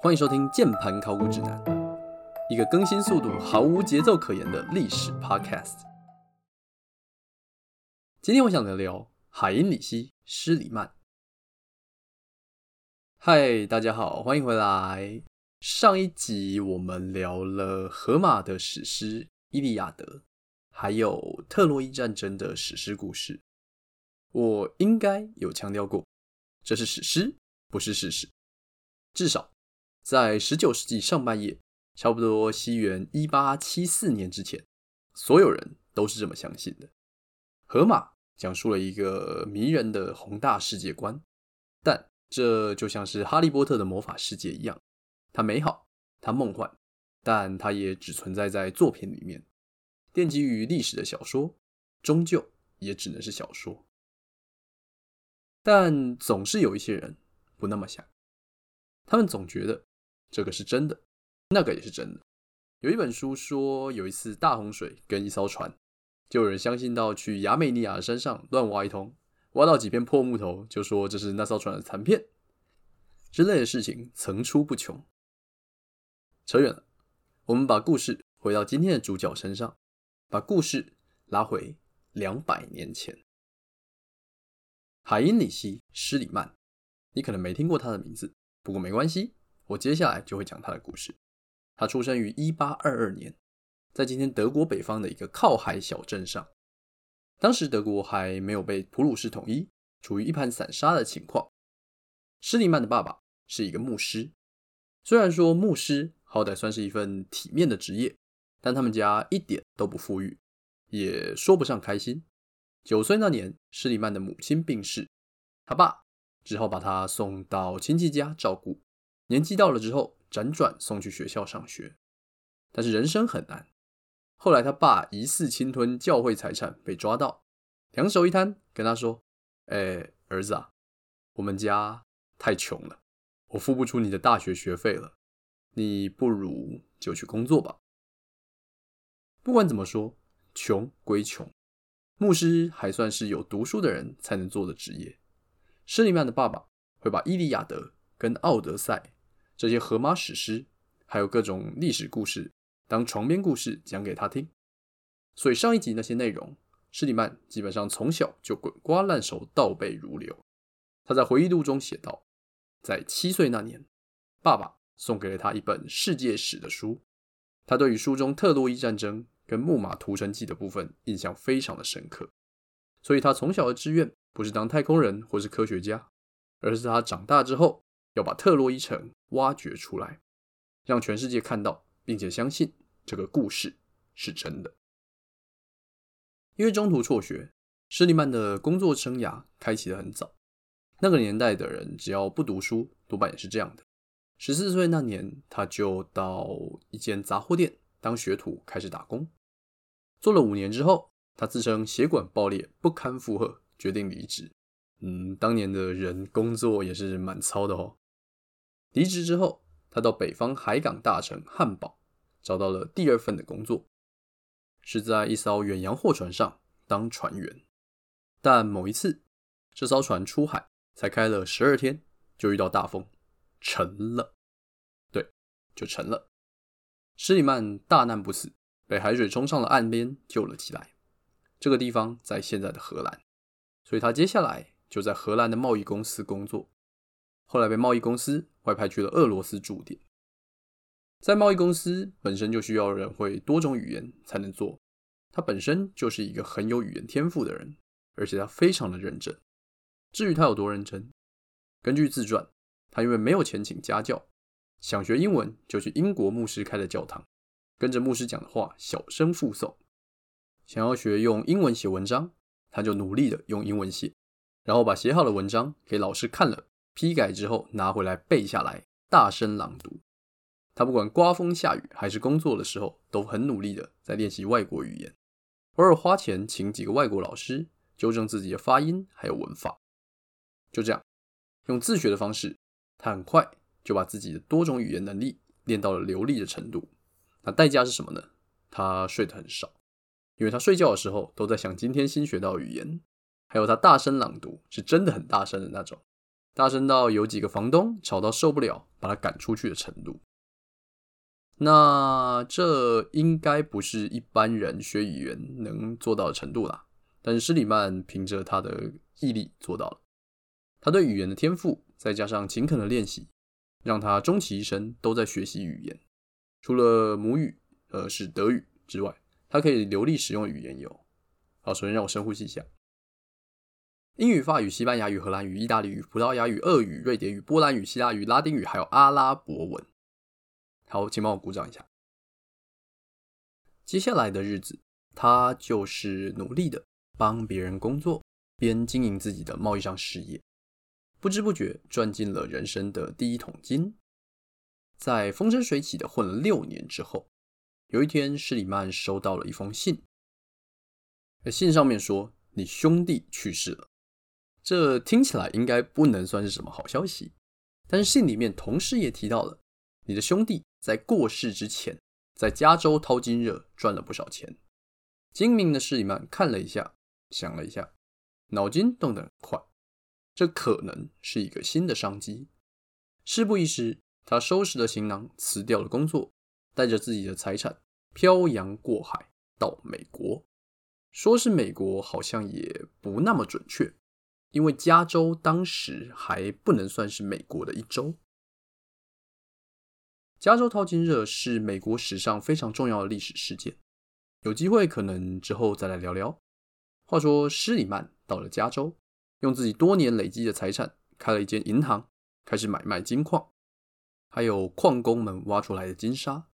歡迎收聽《鍵盤考古指南》，一個更新速度毫無節奏可言的歷史 Podcast。今天我想聊聊海因里希·施里曼。嗨，大家好，歡迎回來。上一集我們聊了荷馬的史詩《伊利亞德》，還有特洛伊戰爭的史詩故事。我應該有強調過，這是史詩，不是事實。至少。在十九世紀上半葉，差不多西元一八七四年之前，所有人都是這麼相信的。荷馬講述了一個迷人的宏大世界觀，但這就像是哈利波特的魔法世界一樣，它美好，它夢幻，但它也只存在在作品裡面。奠基於歷史的小說，終究也只能是小說。但總是有一些人不那麼想，他們總覺得。這個是真的，那個也是真的。有一本書說，有一次大洪水跟一艘船，就有人相信到去亞美尼亞的山上亂挖一通，挖到幾片破木頭，就說這是那艘船的殘片，之類的事情層出不窮。扯遠了，我們把故事回到今天的主角身上，把故事拉回兩百年前。海因裡希·施里曼，你可能沒聽過他的名字，不過沒關係。我接下來就會講他的故事。他出生於一八二二年，在今天德國北方的一個靠海小鎮上。當時德國還沒有被普魯士統一，處於一盤散沙的情況。施里曼的爸爸是一個牧師，雖然說牧師好歹算是一份體面的職業，但他們家一點都不富裕，也說不上開心。九歲那年，施里曼的母親病逝，他爸只好把他送到親戚家照顧。年紀到了之後，輾轉送去學校上學，但是人生很難。後來他爸疑似侵吞教會財產被抓到，兩手一攤跟他說：“哎，兒子啊，我們家太窮了，我付不出你的大學學費了，你不如就去工作吧。”不管怎麼說，窮歸窮，牧師還算是有讀書的人才能做的職業。施里曼的爸爸會把《伊利亞德》跟《奧德賽》。這些荷馬史詩，還有各種歷史故事，當床邊故事講給他聽。所以上一集那些內容，施里曼基本上從小就滾瓜爛熟、倒背如流。他在回憶錄中寫道，在七歲那年，爸爸送給了他一本世界史的書。他對於書中特洛伊戰爭跟木馬屠城記的部分印象非常的深刻。所以，他從小的志願不是當太空人或是科學家，而是他長大之後。要把特洛伊城挖掘出來，讓全世界看到，並且相信這個故事是真的。因為中途輟學，施里曼的工作生涯開啟得很早。那個年代的人，只要不讀書，多半也是這樣的。十四歲那年，他就到一間雜貨店當學徒，開始打工。做了五年之後，他自稱血管爆裂，不堪負荷，決定離職。嗯，當年的人工作也是蠻糙的哦。離職之後，他到北方海港大城漢堡找到了第二份的工作，是在一艘遠洋貨船上當船員。但某一次，這艘船出海才開了十二天，就遇到大風，沉了。對，就沉了。施里曼大難不死，被海水沖上了岸邊，救了起來。這個地方在現在的荷蘭，所以他接下來。就在荷蘭的貿易公司工作，後來被貿易公司外派去了俄羅斯駐點。在貿易公司本身就需要人會多種語言才能做，他本身就是一個很有語言天賦的人，而且他非常的認真。至於他有多認真，根據自傳，他因為沒有錢請家教，想學英文就去英國牧師開的教堂，跟着牧師講的話小聲複誦。想要學用英文寫文章，他就努力的用英文寫。然後把寫好的文章給老師看了，批改之後拿回來背下來，大聲朗讀。他不管颳風下雨還是工作的時候，都很努力的在練習外國語言，偶爾花錢請幾個外國老師糾正自己的發音還有文法。就這樣，用自學的方式，他很快就把自己的多種語言能力練到了流利的程度。那代價是什麼呢？他睡得很少，因為他睡覺的時候都在想今天新學到的語言。還有他大聲朗讀，是真的很大聲的那種，大聲到有幾個房東吵到受不了，把他趕出去的程度。那這應該不是一般人學語言能做到的程度啦。但是施里曼憑着他的毅力做到了，他對語言的天賦，再加上勤懇的練習，讓他終其一生都在學習語言。除了母語，呃，是德語之外，他可以流利使用語言有。好，首先讓我深呼吸一下。英語、法語、西班牙語、荷蘭語、意大利語、葡萄牙語、俄語、瑞典語、波蘭語、希臘語、拉丁語，還有阿拉伯文。好，請幫我鼓掌一下。接下來的日子，他就是努力的幫別人工作，邊經營自己的貿易商事業，不知不覺賺進了人生的第一桶金。在風生水起的混了六年之後，有一天，施里曼收到了一封信，信上面說：“你兄弟去世了。”這聽起來應該不能算是什麼好消息，但是信裡面同時也提到了，你的兄弟在過世之前在加州淘金熱賺了不少錢。精明的施里曼看了一下，想了一下，腦筋動得很快，這可能是一個新的商機。事不宜遲，他收拾了行囊，辭掉了工作，帶着自己的財產漂洋過海到美國。說是美國，好像也不那麼準確。因為加州當時還不能算是美國的一州。加州淘金熱是美國史上非常重要的歷史事件，有機會可能之後再來聊聊。話說施里曼到了加州，用自己多年累積的財產開了一間銀行，開始買賣金礦，還有礦工們挖出來的金沙。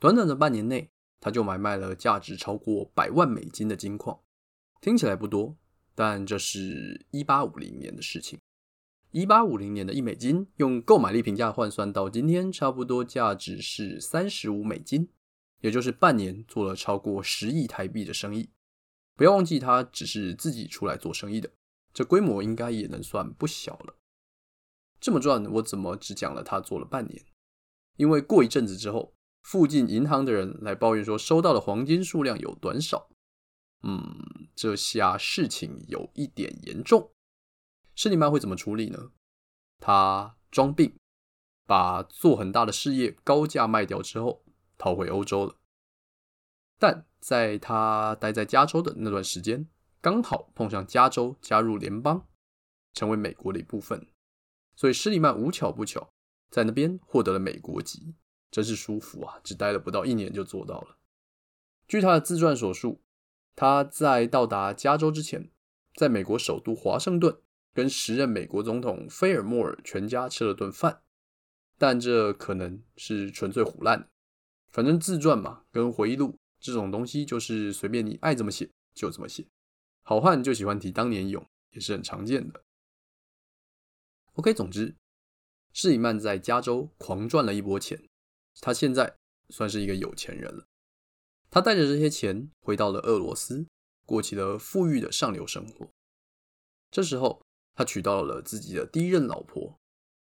短短的半年內，他就買賣了價值超過百萬美金的金礦，聽起來不多。但這是1850年的事情，1850年的一美金用購買力平價換算到今天，差不多價值是35美金，也就是半年做了超過10億台幣的生意。不要忘記，他只是自己出來做生意的，這規模應該也能算不小了。這麼賺，我怎麼只講了他做了半年？因為過一陣子之後，附近銀行的人來抱怨說，收到的黃金數量有短少。嗯，這下事情有一點嚴重。施里曼會怎麼處理呢？他裝病，把做很大的事業高價賣掉之後，逃回歐洲了。但在他待在加州的那段時間，剛好碰上加州加入聯邦，成為美國的一部分，所以施里曼無巧不巧在那邊獲得了美國籍，真是舒服啊！只待了不到一年就做到了。據他的自傳所述。他在到達加州之前，在美國首都華盛頓跟時任美國總統菲爾莫爾全家吃了頓飯，但這可能是純粹唬爛的。反正自傳嘛，跟回憶錄這種東西就是隨便你愛怎麼寫就怎麼寫。好漢就喜歡提當年勇，也是很常見的。OK，總之，施里曼在加州狂賺了一波錢，他現在算是一個有錢人了。他帶着這些錢回到了俄羅斯，過起了富裕的上流生活。這時候，他娶到了自己的第一任老婆，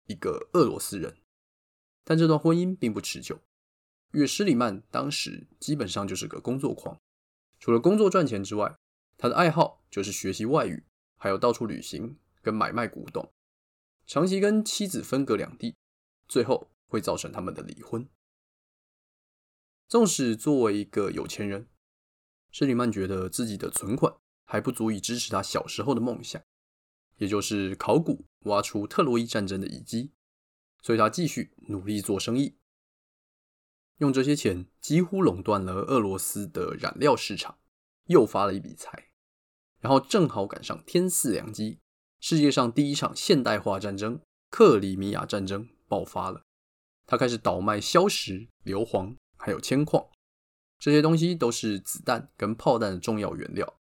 一個俄羅斯人。但這段婚姻並不持久。因為施里曼當時基本上就是個工作狂，除了工作賺錢之外，他的愛好就是學習外語，還有到處旅行跟買賣古董。長期跟妻子分隔兩地，最後會造成他們的離婚。縱使作為一個有錢人，施里曼覺得自己的存款還不足以支持他小時候的夢想，也就是考古挖出特洛伊戰爭的遺跡，所以他繼續努力做生意，用這些錢幾乎壟斷了俄羅斯的染料市場，又發了一筆財。然後正好趕上天賜良機，世界上第一場現代化戰爭——克里米亞戰爭爆發了，他開始倒賣硝石、硫磺。還有鉛礦，這些東西都是子彈跟炮彈的重要原料。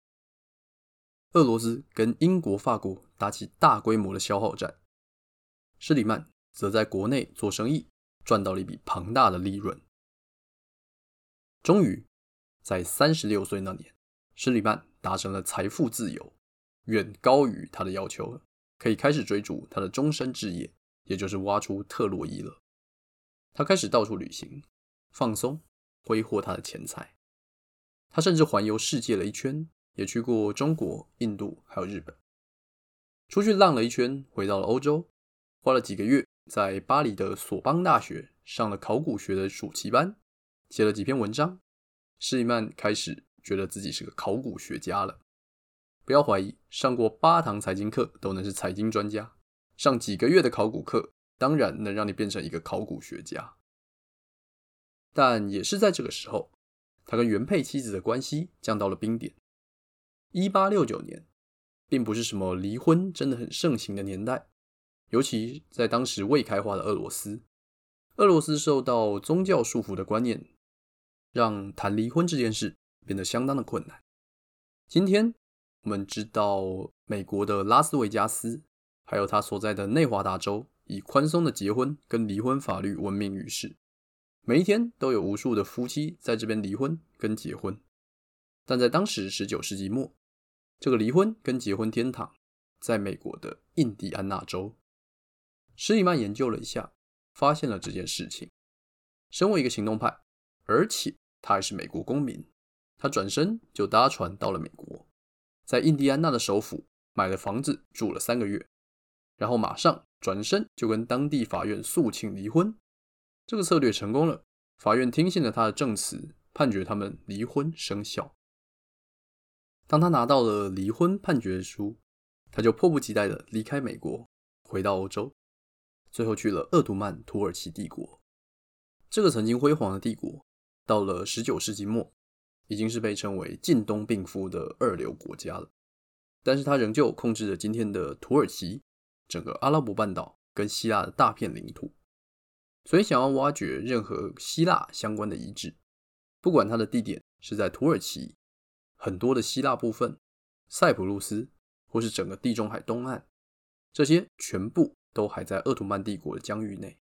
俄羅斯跟英國、法國打起大規模的消耗戰，施里曼則在國內做生意，賺到了一筆龐大的利潤。終於，在三十六歲那年，施里曼達成了財富自由，遠高於他的要求，可以開始追逐他的終身志業，也就是挖出特洛伊了。他開始到處旅行。放鬆，揮霍他的錢財。他甚至環遊世界了一圈，也去過中國、印度還有日本，出去浪了一圈，回到了歐洲，花了幾個月在巴黎的索邦大學上了考古學的暑期班，寫了幾篇文章。施里曼開始覺得自己是個考古學家了。不要懷疑，上過八堂財經課都能是財經專家，上幾個月的考古課當然能讓你變成一個考古學家。但也是在這個時候，他跟原配妻子的關係降到了冰點。1869年，並不是什麼離婚真的很盛行的年代，尤其在當時未開化的俄羅斯，俄羅斯受到宗教束縛的觀念，讓談離婚這件事變得相當的困難。今天我們知道，美國的拉斯維加斯，還有他所在的內華達州，以寬鬆的結婚跟離婚法律聞名於世。每一天都有無數的夫妻在這邊離婚跟結婚，但在當時十九世紀末，這個離婚跟結婚天堂在美國的印第安納州。施里曼研究了一下，發現了這件事情。身為一個行動派，而且他還是美國公民，他轉身就搭船到了美國，在印第安納的首府買了房子，住了三個月，然後馬上轉身就跟當地法院訴請離婚。這個策略成功了，法院聽信了他的證詞，判決他們離婚生效。當他拿到了離婚判決書，他就迫不及待的離開美國，回到歐洲，最後去了鄂圖曼土耳其帝國。這個曾經輝煌的帝國，到了十九世紀末，已經是被稱為“近東病夫”的二流國家了。但是，他仍舊控制着今天的土耳其、整個阿拉伯半島跟希臘的大片領土。所以，想要挖掘任何希臘相關的遺址，不管它的地點是在土耳其、很多的希臘部分、塞浦路斯，或是整個地中海東岸，這些全部都還在鄂圖曼帝國的疆域內。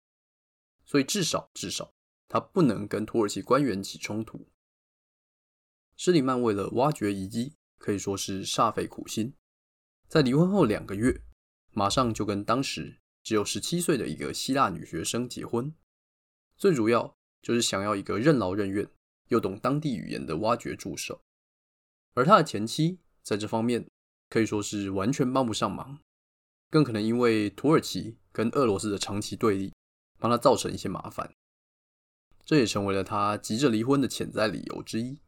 所以，至少至少，他不能跟土耳其官員起衝突。施里曼為了挖掘遺跡，可以說是煞費苦心。在離婚後兩個月，馬上就跟當時，只有十七歲的一個希臘女學生結婚，最主要就是想要一個任勞任怨又懂當地語言的挖掘助手，而他的前妻在這方面可以說是完全幫不上忙，更可能因為土耳其跟俄羅斯的長期對立，幫他造成一些麻煩，這也成為了他急着離婚的潛在理由之一。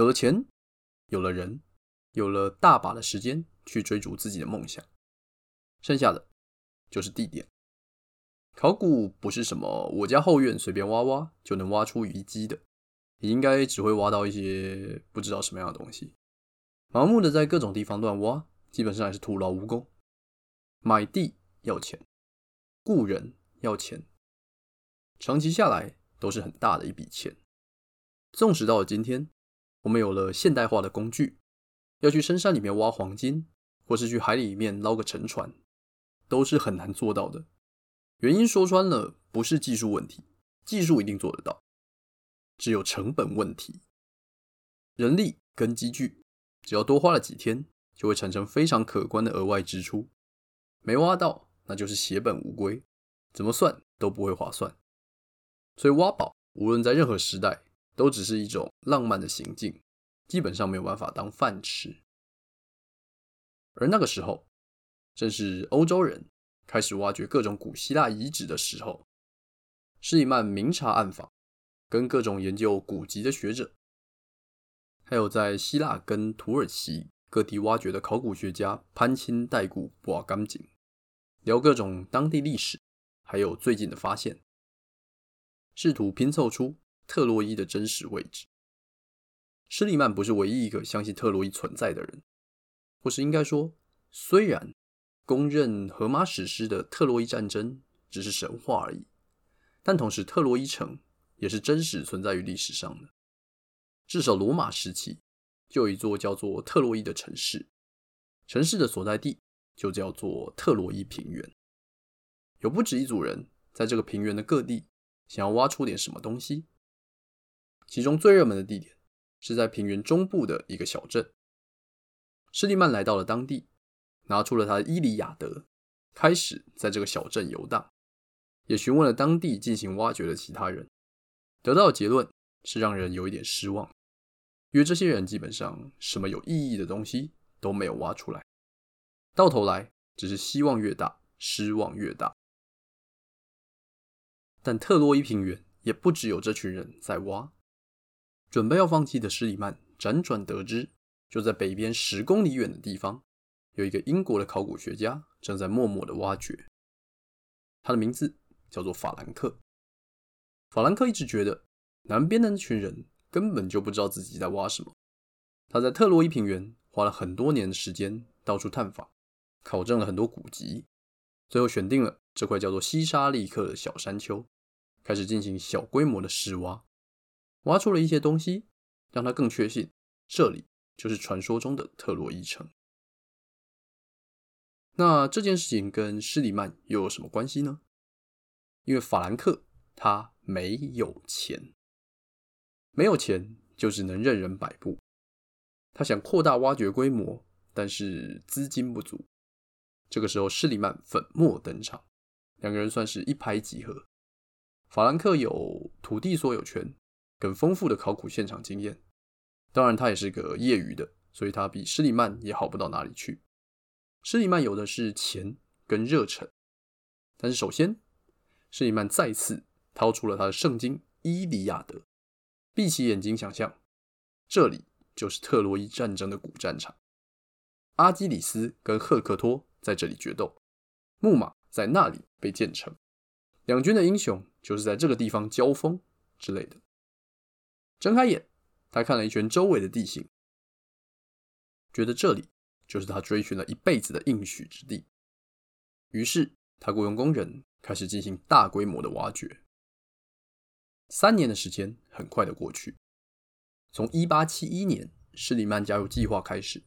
有了錢，有了人，有了大把的時間去追逐自己的夢想，剩下的就是地點。考古不是什麼我家後院隨便挖挖就能挖出遺跡的，你應該只會挖到一些不知道什麼樣的東西。盲目的在各種地方亂挖，基本上還是徒勞無功。買地要錢，僱人要錢，長期下來都是很大的一筆錢。縱使到了今天。我們有了現代化的工具，要去深山裡面挖黃金，或是去海裡面撈個沉船，都是很難做到的。原因說穿了，不是技術問題，技術一定做得到，只有成本問題。人力跟機具，只要多花了幾天，就會產生非常可觀的額外支出。沒挖到，那就是血本無歸，怎麼算都不會划算。所以挖寶，無論在任何時代，都只是一種浪漫的行徑，基本上沒有辦法當飯吃。而那個時候，正是歐洲人開始挖掘各種古希臘遺址的時候。施里曼明察暗訪，跟各種研究古籍的學者，還有在希臘跟土耳其各地挖掘的考古學家攀親帶故、搏感情，聊各種當地歷史，還有最近的發現，試圖拼湊出特洛伊的真實位置。施里曼不是唯一一個相信特洛伊存在的人，或是應該說，雖然公認荷馬史詩的特洛伊戰爭只是神話而已，但同時特洛伊城也是真實存在於歷史上的。至少羅馬時期就有一座叫做特洛伊的城市，城市的所在地就叫做特洛伊平原。有不止一組人在這個平原的各地想要挖出點什麼東西。其中最熱門的地點是在平原中部的一個小鎮。施里曼來到了當地，拿出了他的《伊里亞德》，開始在這個小鎮遊蕩，也詢問了當地進行挖掘的其他人。得到的結論是讓人有一點失望，因為這些人基本上什麼有意義的東西都沒有挖出來，到頭來只是希望越大，失望越大。但特洛伊平原也不只有這群人在挖。準備要放棄的施里曼輾轉得知，就在北邊十公里遠的地方，有一個英國的考古學家正在默默地挖掘。他的名字叫做法蘭克。法蘭克一直覺得南邊的那群人根本就不知道自己在挖什麼。他在特洛伊平原花了很多年的時間到處探訪，考證了很多古籍，最後選定了這塊叫做西沙利克的小山丘，開始進行小規模的試挖。挖出了一些東西，讓他更確信這裡就是傳說中的特洛伊城。那這件事情跟施里曼又有什麼關係呢？因為法蘭克他沒有錢，沒有錢就只能任人擺布。他想擴大挖掘規模，但是資金不足。這個時候施里曼粉墨登場，兩個人算是一拍即合。法蘭克有土地所有權。更豐富的考古現場經驗，當然他也是個業餘的，所以他比施里曼也好不到哪裡去。施里曼有的是錢跟熱忱，但是首先，施里曼再次掏出了他的聖經《伊利亞德》，閉起眼睛想象這裡就是特洛伊戰爭的古戰場，阿基里斯跟赫克托在這裡決鬥，木馬在那裡被建成，兩軍的英雄就是在這個地方交鋒之類的。睜開眼，他看了一圈周圍的地形，覺得這裡就是他追尋了一輩子的應許之地。於是，他雇傭工人開始進行大規模的挖掘。三年的時間很快的過去，從1871年施里曼加入計劃開始，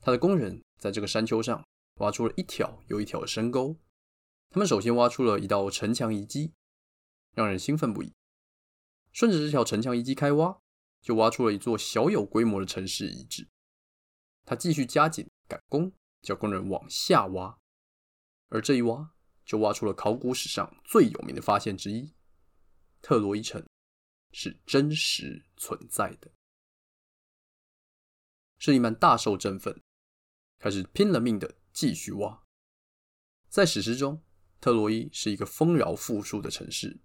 他的工人在這個山丘上挖出了一條又一條的深溝。他們首先挖出了一道城牆遺跡，讓人興奮不已。順着這條城牆遺跡開挖，就挖出了一座小有規模的城市遺址。他繼續加緊趕工，叫工人往下挖，而這一挖就挖出了考古史上最有名的發現之一——特洛伊城是真實存在的。施里曼大受振奮，開始拼了命的繼續挖。在史詩中，特洛伊是一個豐饒富庶的城市。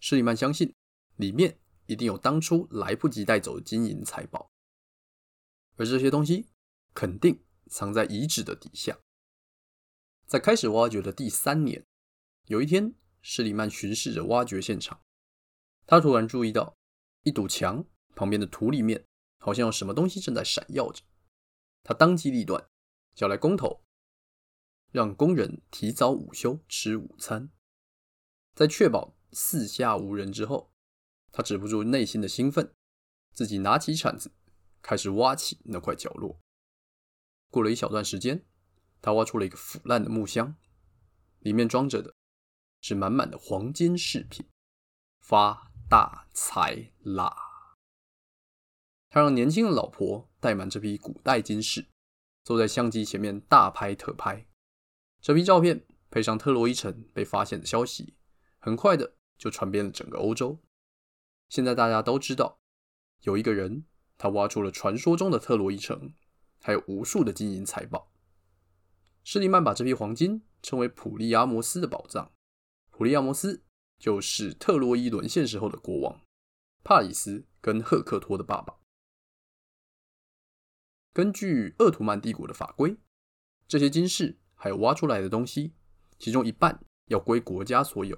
施里曼相信，裡面一定有當初來不及帶走的金銀財寶，而這些東西肯定藏在遺址的底下。在開始挖掘的第三年，有一天，施里曼巡視着挖掘現場，他突然注意到一堵牆旁邊的土裡面好像有什麼東西正在閃耀着。他當機立斷，叫來工頭，讓工人提早午休吃午餐，在確保。四下無人之後，他止不住內心的興奮，自己拿起鏟子，開始挖起那塊角落。過了一小段時間，他挖出了一個腐爛的木箱，裡面裝着的是滿滿的黃金飾品，發大財啦！他讓年輕的老婆帶滿這批古代金飾，坐在相機前面大拍特拍。這批照片配上特洛伊城被發現的消息，很快的。就傳遍了整個歐洲。現在大家都知道，有一個人，他挖出了傳說中的特洛伊城，還有無數的金銀財寶。施里曼把這批黃金稱為普利亞摩斯的寶藏。普利亞摩斯就是特洛伊淪陷時候的國王，帕里斯跟赫克托的爸爸。根據鄂圖曼帝國的法規，這些金飾還有挖出來的東西，其中一半要歸國家所有。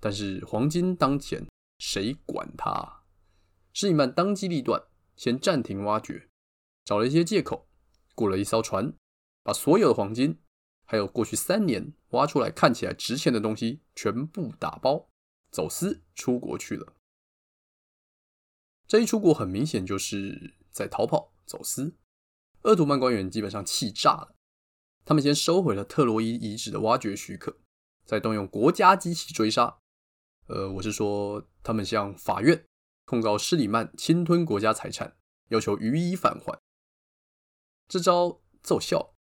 但是黃金當前誰管它？施里曼當機立斷，先暫停挖掘，找了一些借口，僱了一艘船，把所有的黃金，還有過去三年挖出來看起來值錢的東西，全部打包走私出國去了。這一出國，很明顯就是在逃跑、走私。鄂圖曼官員基本上氣炸了，他們先收回了特洛伊遺址的挖掘許可，再動用國家機器追殺。呃，我是說，他們向法院控告施里曼侵吞國家財產，要求予以返還。這招奏效，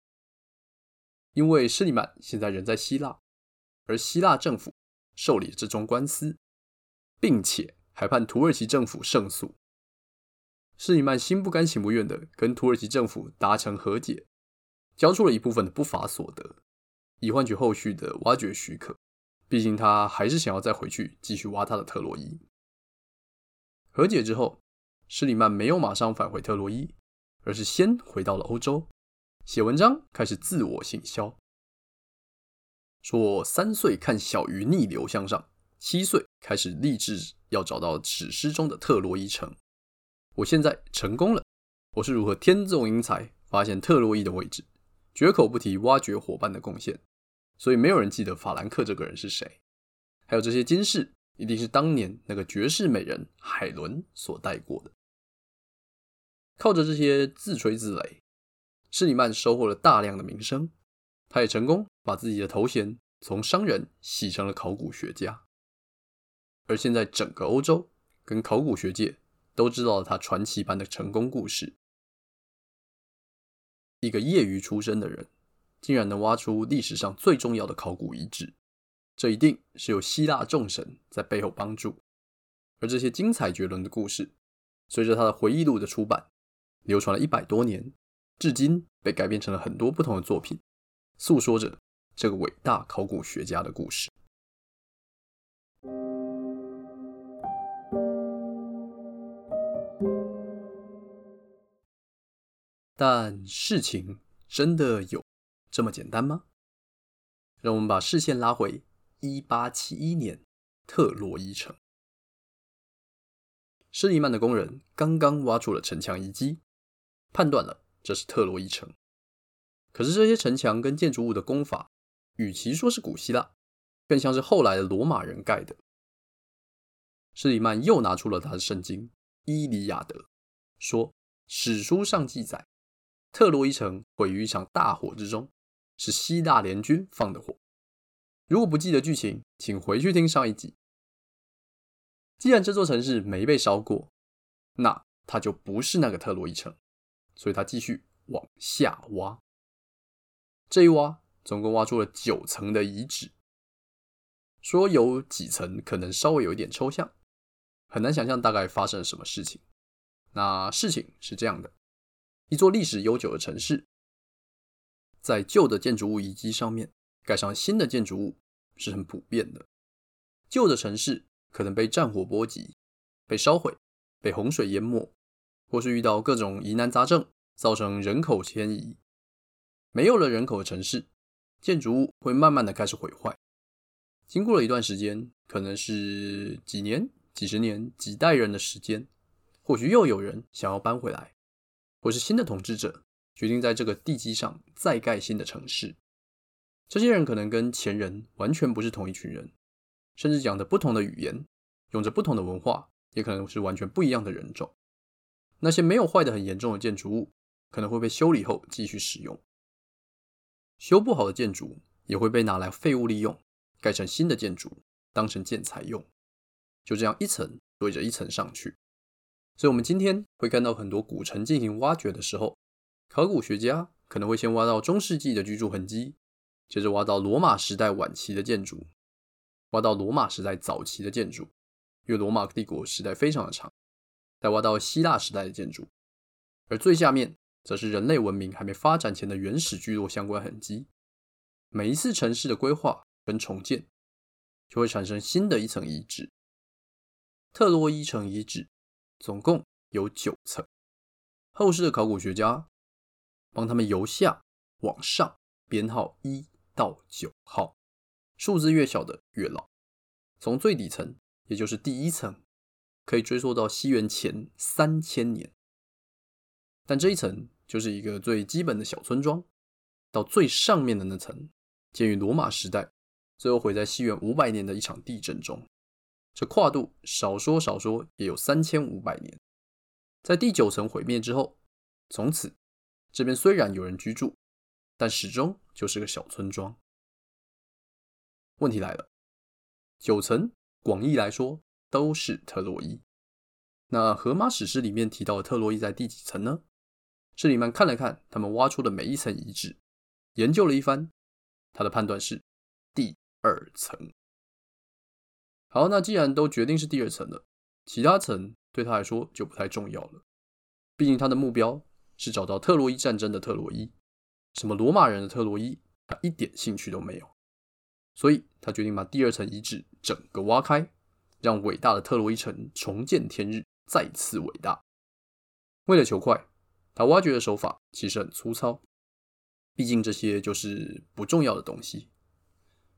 因為施里曼現在人在希臘，而希臘政府受理這樁官司，並且還判土耳其政府勝訴。施里曼心不甘情不願地跟土耳其政府達成和解，交出了一部分的不法所得，以換取後續的挖掘許可。畢竟他還是想要再回去繼續挖他的特洛伊。和解之後，施里曼沒有馬上返回特洛伊，而是先回到了歐洲，寫文章開始自我行銷。說，我三歲看小魚逆流向上，七歲開始立志要找到史詩中的特洛伊城。我現在成功了，我是如何天縱英才發現特洛伊的位置，絕口不提挖掘夥伴的貢獻。所以沒有人記得法蘭克這個人是誰，還有這些金飾一定是當年那個絕世美人海倫所戴過的。靠着這些自吹自擂，施里曼收穫了大量的名聲，他也成功把自己的頭銜從商人洗成了考古學家。而現在，整個歐洲跟考古學界都知道了他傳奇般的成功故事。一個業餘出身的人。竟然能挖出歷史上最重要的考古遺址，這一定是由希臘眾神在背後幫助。而這些精彩絕倫的故事，隨着他的回憶錄的出版，流傳了一百多年，至今被改編成了很多不同的作品，訴說着這個偉大考古學家的故事。但事情真的有這麼簡單嗎？讓我們把視線拉回一八七一年，特洛伊城。施里曼的工人剛剛挖出了城牆遺跡，判斷了這是特洛伊城。可是這些城牆跟建築物的工法，與其說是古希臘，更像是後來的羅馬人蓋的。施里曼又拿出了他的聖經《伊里亞德》說，說史書上記載，特洛伊城毀於一場大火之中。是希臘聯軍放的火。如果不記得劇情，請回去聽上一集。既然這座城市沒被燒過，那它就不是那個特洛伊城，所以他繼續往下挖。這一挖，總共挖出了九層的遺址。說有幾層，可能稍微有一點抽象，很難想象大概發生了什麼事情。那事情是這樣的：一座歷史悠久的城市。在舊的建築物遺跡上面蓋上新的建築物是很普遍的。舊的城市可能被戰火波及，被燒毀，被洪水淹沒，或是遇到各種疑難雜症，造成人口遷移。沒有了人口的城市，建築物會慢慢的開始毀壞。經過了一段時間，可能是幾年、幾十年、幾代人的時間，或許又有人想要搬回來，或是新的統治者。決定在這個地基上再蓋新的城市。這些人可能跟前人完全不是同一群人，甚至講的不同的語言，用着不同的文化，也可能是完全不一樣的人種。那些沒有壞的很嚴重的建築物，可能會被修理後繼續使用；修不好的建築也會被拿來廢物利用，蓋成新的建築，當成建材用。就這樣一層堆着一層上去。所以，我們今天會看到很多古城進行挖掘的時候。考古學家可能會先挖到中世紀的居住痕跡，接着挖到羅馬時代晚期的建築，挖到羅馬時代早期的建築，因為羅馬帝國時代非常的長，再挖到希臘時代的建築，而最下面則是人類文明還沒發展前的原始聚落相關痕跡。每一次城市的規劃跟重建，就會產生新的一層遺址。特洛伊城遺址總共有九層，後世的考古學家幫他們由下往上編號一到九號，數字越小的越老。從最底層，也就是第一層，可以追溯到西元前三千年。但這一層就是一個最基本的小村莊，到最上面的那層，建於羅馬時代，最後毀在西元五百年的一場地震中。這跨度少說少說也有三千五百年。在第九層毀滅之後，從此，這邊雖然有人居住，但始終就是個小村莊。問題來了，九層廣義來說都是特洛伊。那荷馬史詩裡面提到的特洛伊在第幾層呢？施里曼看了看他們挖出的每一層遺址，研究了一番，他的判斷是第二層。好，那既然都決定是第二層了，其他層對他來說就不太重要了，畢竟他的目標。是找到特洛伊戰爭的特洛伊，什麼羅馬人的特洛伊，他一點興趣都沒有。所以他決定把第二層遺址整個挖開，讓偉大的特洛伊城重見天日，再次偉大。為了求快，他挖掘的手法其實很粗糙，畢竟這些就是不重要的東西。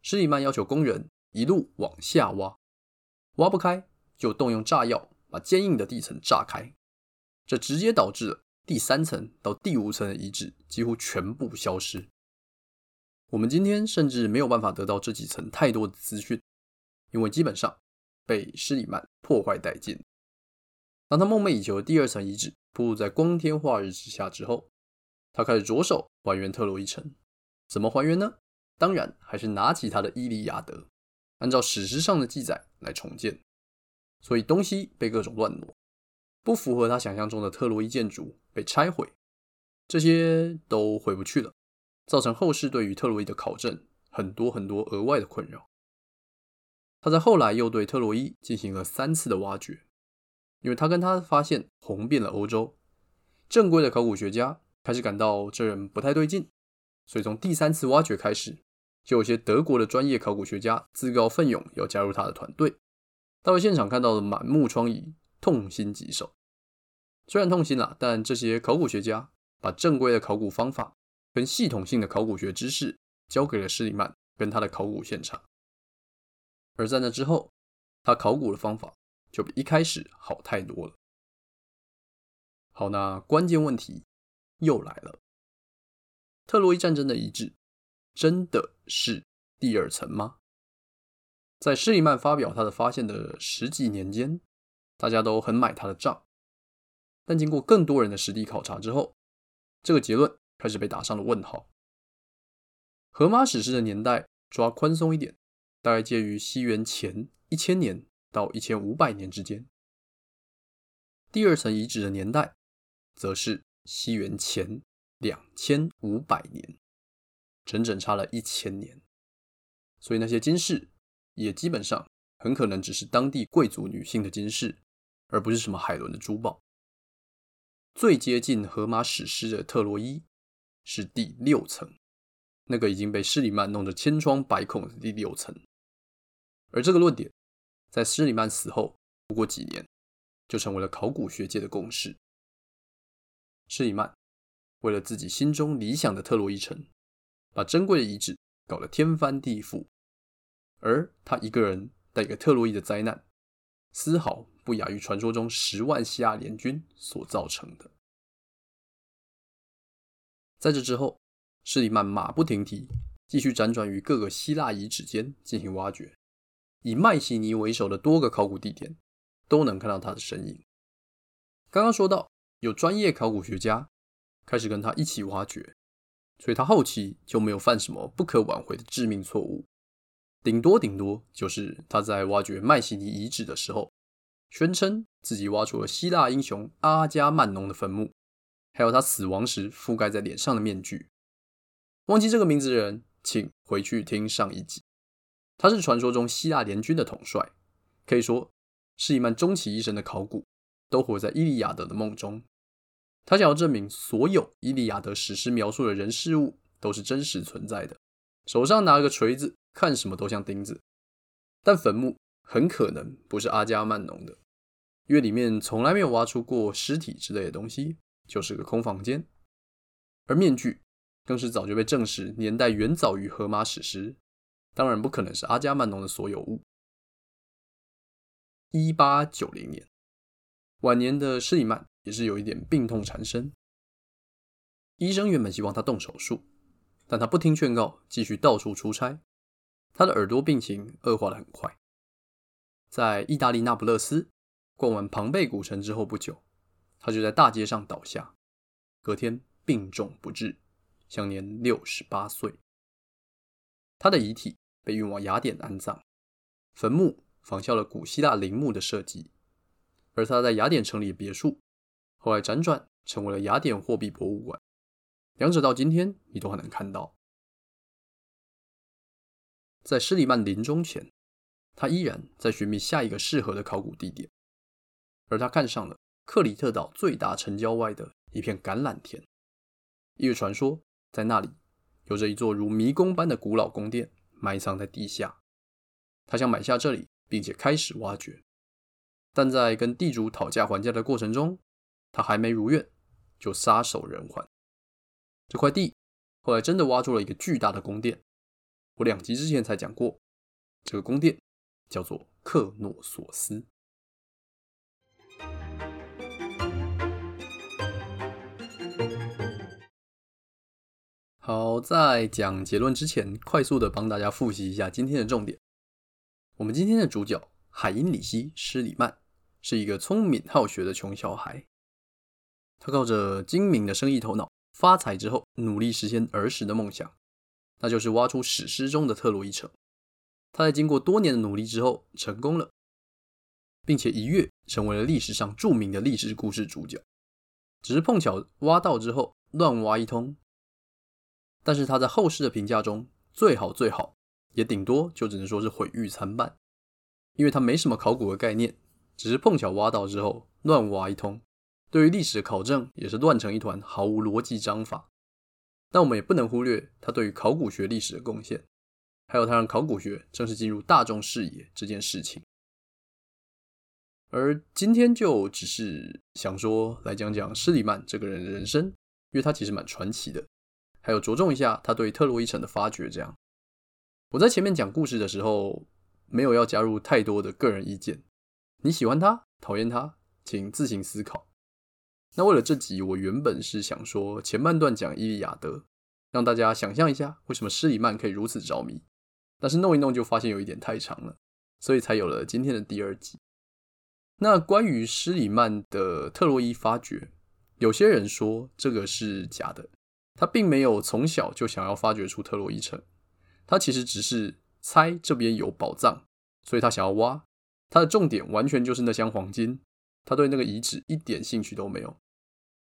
施里曼要求工人一路往下挖，挖不開就動用炸藥把堅硬的地層炸開，這直接導致了。第三層到第五層的遺址幾乎全部消失，我們今天甚至沒有辦法得到這幾層太多的資訊，因為基本上被施里曼破壞殆盡。當他夢寐以求的第二層遺址暴露在光天化日之下之後，他開始着手還原特洛伊城。怎麼還原呢？當然還是拿起他的《伊利亞德》，按照史詩上的記載來重建。所以東西被各種亂挪，不符合他想象中的特洛伊建築。被拆毀，這些都回不去了，造成後世對於特洛伊的考證很多很多額外的困擾。他在後來又對特洛伊進行了三次的挖掘，因為他跟他的發現紅遍了歐洲，正規的考古學家開始感到這人不太對勁，所以從第三次挖掘開始，就有些德國的專業考古學家自告奮勇要加入他的團隊。到了現場，看到了滿目瘡痍，痛心疾首。雖然痛心了，但這些考古學家把正規的考古方法跟系統性的考古學知識交給了施里曼跟他的考古現場，而在那之後，他考古的方法就比一開始好太多了。好，那關鍵問題又來了：特洛伊戰爭的遺址真的是第二層嗎？在施里曼發表他的發現的十幾年間，大家都很買他的賬。但經過更多人的實地考察之後，這個結論開始被打上了問號。荷馬史詩的年代抓寬鬆一點，大概介於西元前一千年到一千五百年之間。第二層遺址的年代則是西元前兩千五百年，整整差了一千年。所以那些金飾也基本上很可能只是當地貴族女性的金飾，而不是什麼海倫的珠寶。最接近荷馬史詩的特洛伊是第六層，那個已經被施里曼弄得千瘡百孔的第六層。而這個論點，在施里曼死後不過幾年，就成為了考古學界的共識。施里曼為了自己心中理想的特洛伊城，把珍貴的遺址搞得天翻地覆，而他一個人帶給特洛伊的災難，絲毫。不亞於傳說中十萬希臘聯軍所造成的。在這之後，施里曼馬不停蹄，繼續輾轉於各個希臘遺址間進行挖掘。以邁錫尼為首的多個考古地點都能看到他的身影。剛剛說到有專業考古學家開始跟他一起挖掘，所以他後期就沒有犯什麼不可挽回的致命錯誤。頂多頂多就是他在挖掘邁錫尼遺址的時候，宣稱自己挖出了希臘英雄阿伽曼農的墳墓，還有他死亡時覆蓋在臉上的面具。忘記這個名字的人，請回去聽上一集。他是傳說中希臘聯軍的統帥，可以說是一門終其一生的考古，都活在《伊利亞德》的夢中。他想要證明所有《伊利亞德》史詩描述的人事物都是真實存在的。手上拿了個錘子，看什麼都像釘子。但墳墓，很可能不是阿加曼農的，因為裡面從來沒有挖出過屍體之類的東西，就是個空房間。而面具更是早就被證實年代遠早於荷馬史詩，當然不可能是阿加曼農的所有物。一八九零年，晚年的施里曼也是有一點病痛纏身，醫生原本希望他動手術，但他不聽勸告，繼續到處出差，他的耳朵病情惡化得很快。在意大利那不勒斯逛完龐貝古城之後不久，他就在大街上倒下，隔天病重不治，享年六十八歲。他的遺體被運往雅典安葬，墳墓仿效了古希臘陵墓的設計，而他在雅典城裡的別墅，後來輾轉成為了雅典貨幣博物館，兩者到今天你都很難看到。在施里曼臨終前，他依然在尋覓下一個適合的考古地點，而他看上了克里特島最大城郊外的一片橄欖田。因為傳說，在那裡有着一座如迷宮般的古老宮殿，埋藏在地下。他想買下這裡，並且開始挖掘。但在跟地主討價還價的過程中，他還沒如願，就撒手人寰。這塊地後來真的挖出了一個巨大的宮殿。我兩集之前才講過這個宮殿。叫做克諾索斯。好，在講結論之前，快速的幫大家複習一下今天的重點。我們今天的主角海因里希·施里曼是一個聰明好學的窮小孩，他靠着精明的生意頭腦發財之後，努力實現兒時的夢想，那就是挖出史詩中的特洛伊城。他在經過多年的努力之後成功了，並且一躍成為了歷史上著名的歷史故事主角。只是碰巧挖到之後亂挖一通，但是他在後世的評價中最好最好，也頂多就只能說是毀譽參半，因為他沒什麼考古的概念，只是碰巧挖到之後亂挖一通，對於歷史的考證也是亂成一團，毫無邏輯章法。但我們也不能忽略他對於考古學歷史的貢獻。還有他讓考古學正式進入大眾視野這件事情，而今天就只是想說，來講講施里曼這個人的人生，因為他其實蠻傳奇的，還有着重一下他對特洛伊城的發掘。這樣我在前面講故事的時候，沒有要加入太多的個人意見，你喜歡他，討厭他，請自行思考。那為了這集，我原本是想說前半段講伊里亞德，讓大家想象一下為什麼施里曼可以如此着迷。但是弄一弄就發現有一點太長了，所以才有了今天的第二集。那關於施里曼的特洛伊發掘，有些人說這個是假的，他並沒有從小就想要發掘出特洛伊城，他其實只是猜這邊有寶藏，所以他想要挖。他的重點完全就是那箱黃金，他對那個遺址一點興趣都沒有，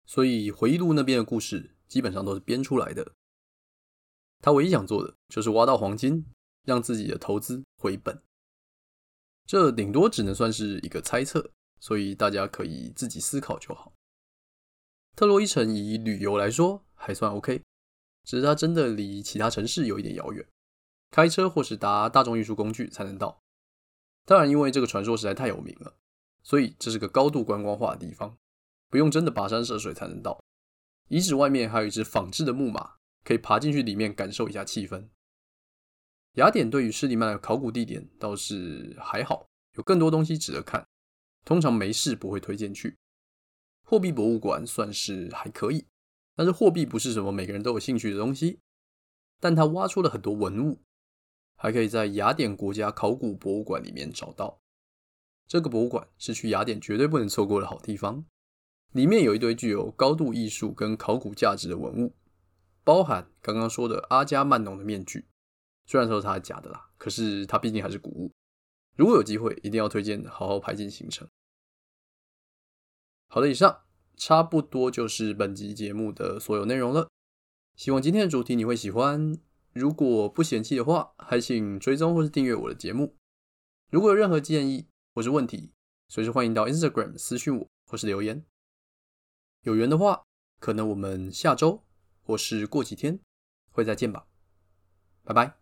所以回憶錄那邊的故事基本上都是編出來的。他唯一想做的就是挖到黃金。讓自己的投資回本，這頂多只能算是一個猜測，所以大家可以自己思考就好。特洛伊城以旅遊來說還算 OK，只是它真的離其他城市有一點遙遠，開車或是搭大眾運輸工具才能到。當然，因為這個傳說實在太有名了，所以這是個高度觀光化的地方，不用真的跋山涉水才能到。遺址外面還有一隻仿製的木馬，可以爬進去裡面感受一下氣氛。雅典對於施里曼的考古地點倒是還好，有更多東西值得看。通常沒事不會推薦去。貨幣博物館算是還可以，但是貨幣不是什麼每個人都有興趣的東西。但他挖出了很多文物，還可以在雅典國家考古博物館裡面找到。這個博物館是去雅典絕對不能錯過的好地方，裡面有一堆具有高度藝術跟考古價值的文物，包含剛剛說的阿伽曼農的面具。雖然說它是假的啦，可是它畢竟還是古物。如果有機會，一定要推薦好好排進行程。好的，以上差不多就是本集節目的所有內容了。希望今天的主題你會喜歡。如果不嫌棄的話，還請追蹤或是訂閱我的節目。如果有任何建議或是問題，隨時歡迎到 Instagram 私訊我或是留言。有緣的話，可能我們下周或是過幾天會再見吧。拜拜。